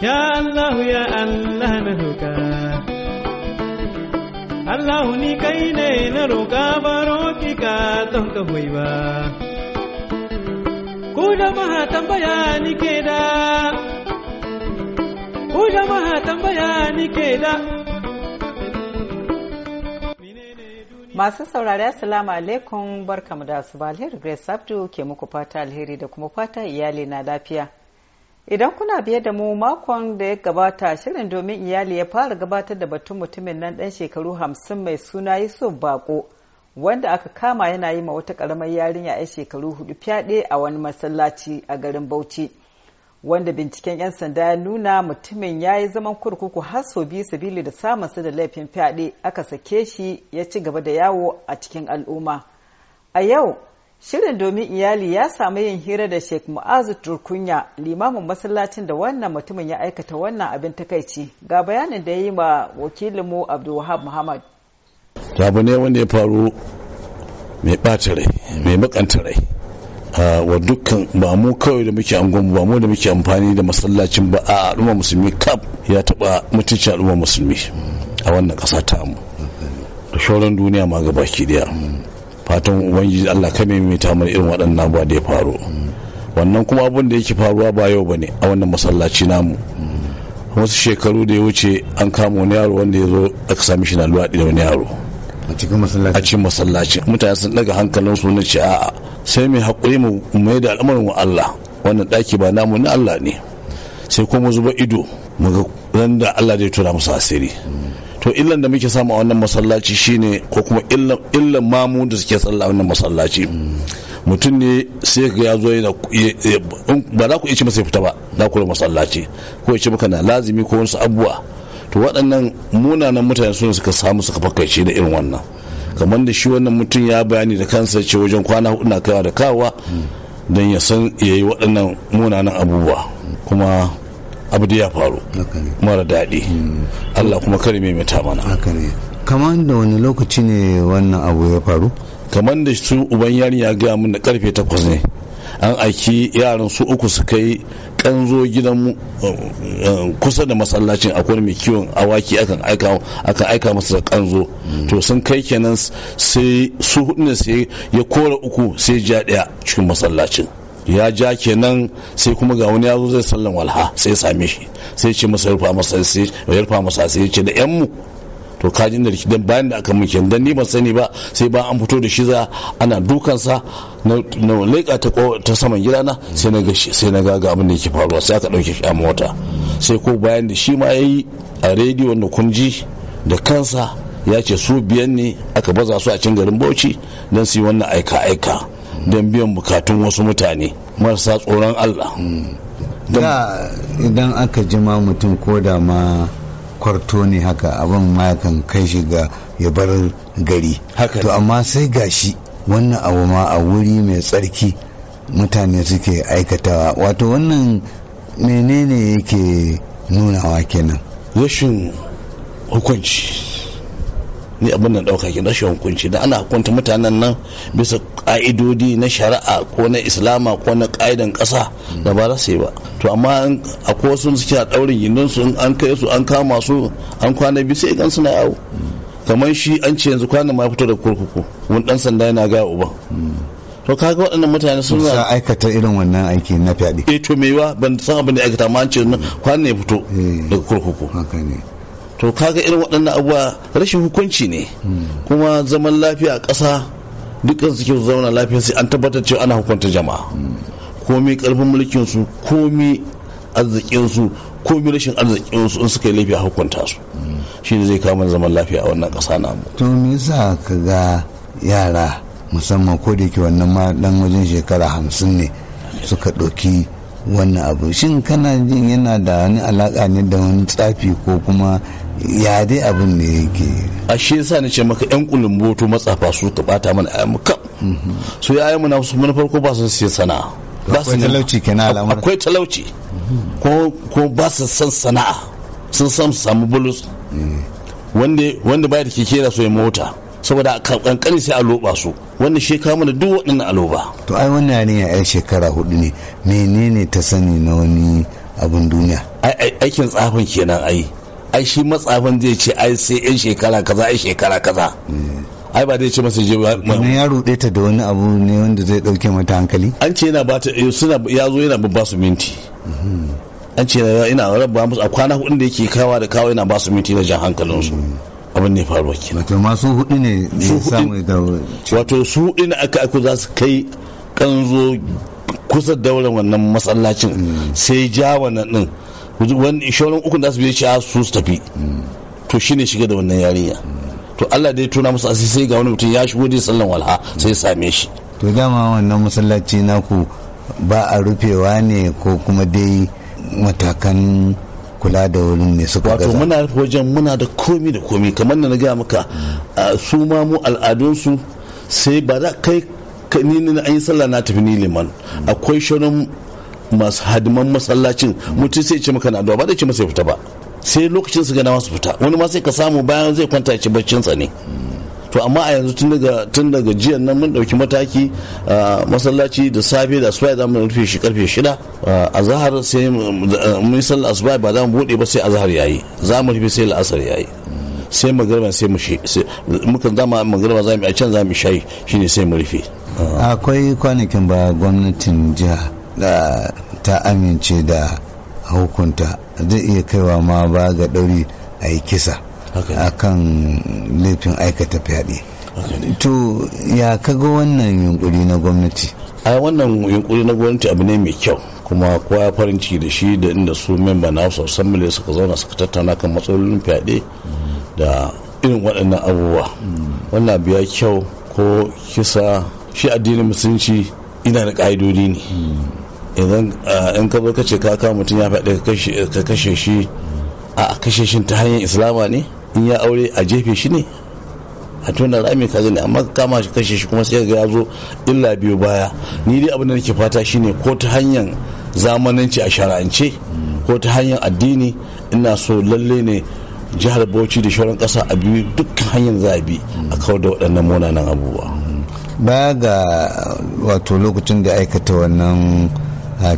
Ya Allah ya Allah na roƙa Allah ni kai ne na roƙa baro ki ka ton ka hoyi ba Ku jama'a tambaya ni ke da Ku jama'a tambaya ni ke da Masu saurari Assalamu alaikum barkamu da su ba alheri Grace Abdu ke muku fata alheri da kuma fata iyali na lafiya. Idan kuna biye da mu makon da ya gabata shirin domin iyali ya fara gabatar da batun mutumin nan dan shekaru hamsin mai suna Yusuf Bako wanda aka kama yana yi ma wata karamar yarinya 'yan shekaru hudu fyaɗe a wani masallaci a garin Bauchi. Wanda binciken 'yan sanda ya nuna mutumin ya yi zaman kurkuku har sau biyu sabili da su da laifin fyaɗe aka sake shi ya ci gaba da yawo a cikin al'umma. A yau Shirin domin iyali ya samu yin hira da Sheikh Mu'azu Turkunya limamin masallacin da wannan mutumin ya aikata wannan abin takaici ga bayanin da ya yi ma wakilinmu Abdulwahab Muhammad. Abu ne wanda ya faru mai ɓata rai mai makanta rai wa dukkan ba mu kawai da muke angon ba mu da muke amfani da masallacin ba a al'umma musulmi kaf ya taɓa mutuncin al'umma musulmi a wannan ƙasa ta mu da shauran duniya ma baki daya fatan ubangiji allah kame mai tamar irin waɗannan abuwa da ya faru wannan kuma abun da yake faruwa ba yau ba bane a wannan masallaci namu wasu shekaru da ya wuce an kama wani yaro wanda ya zo aka sami shi na luwaɗi da wani yaro a cikin masallaci a cikin masallaci mutane sun daga hankalin su na ce a'a sai mai haƙuri mu mai da al'amarin mu Allah wannan ɗaki ba namu na Allah ne sai kuma zuba ido mu ga dan da Allah zai tura musu asiri to illan da muke samu a wannan masallaci shine ko kuma illan mamu da suke sallah a wannan masallaci mutum ne sai ka ya zo yana ba za ku ici masa fita ba za ku masallaci ko ici maka na lazimi ko wasu abubuwa to waɗannan munanan mutane su suka samu suka fakaice da irin wannan kamar da shi wannan mutum ya bayani da kansa ce wajen kwana hudu na kaiwa da kawa don ya san ya yi waɗannan munanan abubuwa kuma abu da ya faru mara daɗi hmm. allah kuma kare mai mata mana kamar da wani lokaci ne wannan abu ya faru kamar da su uban yarin ya gaya mun da karfe takwas ne an aiki yaran su uku su kai kanzo gidan eh, eh, kusa da masallacin akwai mai kiwon awaki akan aika masa da kanzo hmm. to sun kai kenan sai su hudu ne sai ya kora uku sai ja daya cikin masallacin ya ja kenan sai kuma ga wani ya zai sallan walha sai ya same shi sai ce masa rufa masa sai ya rufa masa sai ya ce da yan mu to kajin da rikidan bayan da aka muke dan ni ban sani ba sai ba an fito da shi za ana dukansa na leka ta saman gidana sai na shi sai na ga abin da yake faruwa sai aka ɗauke shi a mota sai ko bayan da shi ma yayi a rediyo da kunji da kansa ya ce su biyan ne aka baza su a cin garin bauchi don su yi wannan aika-aika don biyan bukatun wasu mutane marasa tsoron allah hmm. da idan aka jima mutum ko da ma kwarto ne haka abin ma kan kai shi ga ya bar gari to amma sai gashi wannan abu ma a wuri mai tsarki mutane suke aikatawa wato wannan menene yake nunawa kenan rashin hukunci ni abin da ɗauka ke rashin hukunci da ana hukunta mutanen nan bisa ƙa'idodi na shari'a ko na islama ko na ƙa'idan ƙasa da ba za su yi ba to amma ko sun suke a ɗaurin gindin su an kai su an kama su an kwana biyu sai idan suna yawo kamar shi an ce yanzu kwanan ma fito da kurkuku wani ɗan sanda yana ga uba. to kaga waɗannan mutane sun za aikata irin wannan aiki na fyaɗe eh to mewa ban san abin da aikata ma an ce kwanan ya fito eh. daga kurkuku to kaga irin waɗannan abubuwa rashin hukunci ne kuma zaman lafiya a ƙasa dukkan suke zauna lafiya sai an tabbatar cewa ana hukunta jama'a komi karfin mulkin su komi arzikin su komi rashin arzikin su in suka yi laifi a hukunta su shine zai kama zaman lafiya a wannan ƙasa namu to me yasa ka ga yara musamman ko da ke wannan ma dan wajen shekara hamsin ne suka ɗauki wannan abu shin kana jin yana da wani alaka ne da wani tsafi ko kuma ya dai abin da yake a shi yasa na ce maka yan kulumboto matsafa su ka bata mana ayyamu So mhm. su yi ayyamu na su mana farko ba su sai sana'a ba su talauci kenan al'amura akwai talauci mhm. ko ba su san sana'a sun san samu bulus eh. wanda baya da keke da su mota saboda a kankani sai a loba su wannan shekara mana duk waɗannan a loba to ai wannan ya yar shekara hudu ne menene ta sani na wani abin duniya aikin tsafin kenan ai ai shi matsafin zai ce ai sai yan shekara kaza ai shekara kaza hmm. ai ba zai ce masa je ba wannan ya rude ta da wani abu ne wanda zai dauke mata hankali an ce yana bata eh, suna ya zo yana ba su minti hmm. an ce ina rabba musu a kwana hudu da yake kawa da kawa yana ba su minti na jan hankalinsu hmm. abin ne faruwa ke wato ma su hudu ne su samu da wato su hudu ne aka aiko za su kai kanzo kusa daular wannan matsalacin mm. sai ja wannan din wani shauran ukun da su biye shi su su tafi mm. to shine shiga da wannan yarinya mm. to Allah dai ya tona musu asiri sai ga wani mutum ya shigo da sallan walha sai ya same shi to dama wannan masallaci naku ba a rufewa ne ko kuma dai matakan kula da wurin ne suka gaza wato muna wajen muna da komi da komi kamar da na gaya maka su ma mu al'adunsu sai ba za kai ni na an yi sallah na tafi ni liman akwai shirin masu hadiman masallacin mutum sai ce maka na ba da ce masa ya fita ba sai lokacin su gana masu fita wani ma sai ka samu bayan zai kwanta ya ci baccin sa ne to amma a yanzu tun daga tun daga jiya nan mun dauki mataki masallaci da safe da asuba za mu rufe shi karfe 6 a zahar sai mun sallar asuba ba za mu bude ba sai azhar yayi za mu rufe sai la'asar yayi sai magariba sai mu shi mukan zama magariba za mu a can za mu shayi shine sai mu rufe akwai kwanakin ba gwamnatin jiha ta amince da hukunta zai iya kaiwa ma ba ga ɗauri a yi kisa kan laifin aikata fyaɗe to ya kaga wannan yunkuri na gwamnati a wannan yunkuri na gwamnati abu ne mai kyau kuma kowa ya farin ciki da shi da inda su memba na house assembly suka zauna suka tattauna kan matsalolin fyaɗe da irin waɗannan abubuwa mm. wannan abu ya kyau ko kisa shi addinin musulunci ina da ƙa'idodi ne mm. idan in ka zo ka ce ka mutum ya faɗi ka kashe shi a kashe shi ta hanyar islama ne in ya aure a jefe shi ne a da rami kaza ne amma kama shi kashe shi kuma sai ga ya zo illa biyu baya ni dai abin da nake fata shine ko ta hanyar zamananci a shara'ance ko ta hanyar addini ina so lalle ne jihar bauchi da shauran kasa a biyu dukkan hanyar za a bi kawar da waɗannan munanan abubuwa baya ga wato lokacin da aikata wannan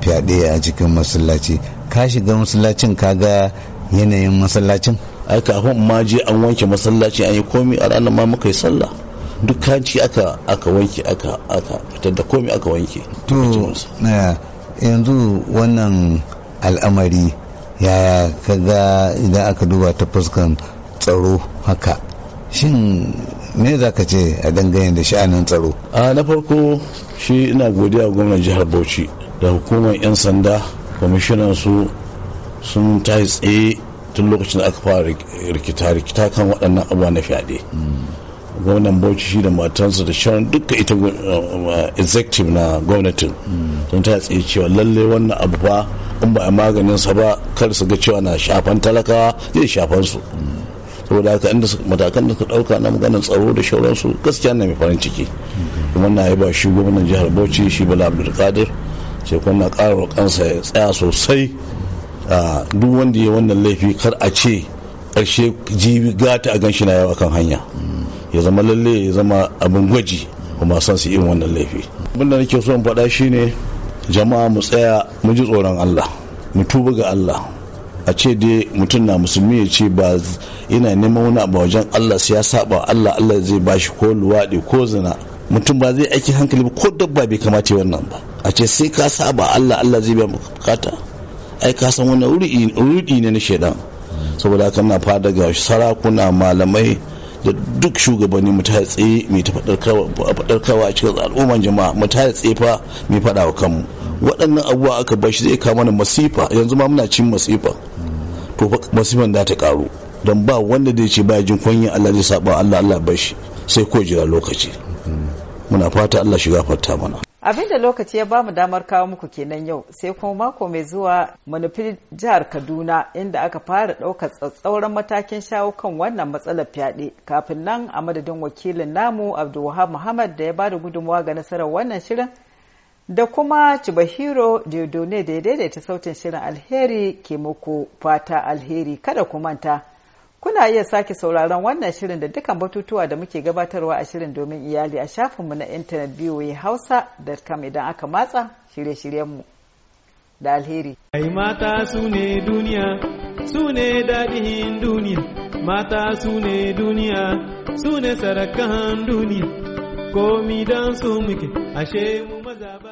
fyaɗe a cikin masallaci ka shiga masallacin ka kaga yanayin masallacin ai kafin ma je an wanke masallaci an yi komi a ranar ma muka yi sallah duk kanci aka aka wanke aka aka fitar da komi aka wanke to yanzu wannan al'amari ya kaga idan aka duba ta fuskan tsaro haka shin me za ka ce a dangane da sha'anin tsaro a na farko shi ina godiya gwamnan jihar bauchi da hukumar 'yan sanda kwamishinan su sun tashi tsaye tun lokacin da aka fara rikita rikita kan waɗannan abubuwa na fyaɗe gwamnan bauchi shi da matansa da shawarar duka ita uh, uh, executive na gwamnatin don ta tsaye cewa lalle wannan abu ba in ba a maganin sa ba kar su ga cewa na shafan talakawa zai shafan su saboda haka inda matakan da suka ɗauka na maganar tsaro da shauransu gaskiya na mai farin ciki kuma na ba shi gwamnan jihar bauchi shi bala abdulkadir shekwan na ƙara kansa ya tsaya sosai duk wanda ya wannan laifi kar a ce ƙarshe jibi gata a ganshi na yawa kan hanya ya zama lalle ya zama abin gwaji kuma san su yin wannan laifi abinda nake so in faɗa ne jama'a mu tsaya mu ji tsoron Allah mu tuba ga Allah a ce dai mutum na musulmi ya ce ba ina neman wani abu wajen Allah sai ya saba Allah Allah zai bashi ko luwaɗi ko zina mutum ba zai aiki hankali ba ko dabba bai kamata wannan ba a ce sai ka saba Allah Allah zai biya mu bukata ai ka san wani wuri ne na shaidan saboda haka na fara daga sarakuna malamai da duk shugabanni mu ta tsaye mai ta kawa a cikin al'umman jama'a mu ta tsaye fa mai fada wa kanmu waɗannan abubuwa aka bar shi zai kama mana masifa yanzu ma muna cin masifa to masifan da ta karu don ba wanda da ce baya jin kunyin Allah zai saba Allah Allah shi, sai ko jira lokaci muna fata Allah shiga fata mana abinda lokaci ya bamu damar kawo muku kenan yau sai kuma mako mai zuwa manufi jihar kaduna inda aka fara ɗaukar tsatsauran matakin shawo kan wannan matsalar fyaɗe kafin nan a madadin wakilin namu abdulwahab muhammad da ya ba da gudunmawa ga nasarar wannan shirin da kuma cibahiro diodone da ya daidaita sautin shirin alheri ke muku fata alheri kada ku manta Kuna iya sake sauraron wannan shirin da dukkan batutuwa da muke gabatarwa a shirin domin iyali a shafinmu na intanet biyoyi hausa.com idan aka matsa shirye-shiryenmu da alheri. Ai mata su ne duniya, su ne daɗin duniya, mata su ne duniya, su ne sarakan duniya, komi don su muke, ashe mu maza ba.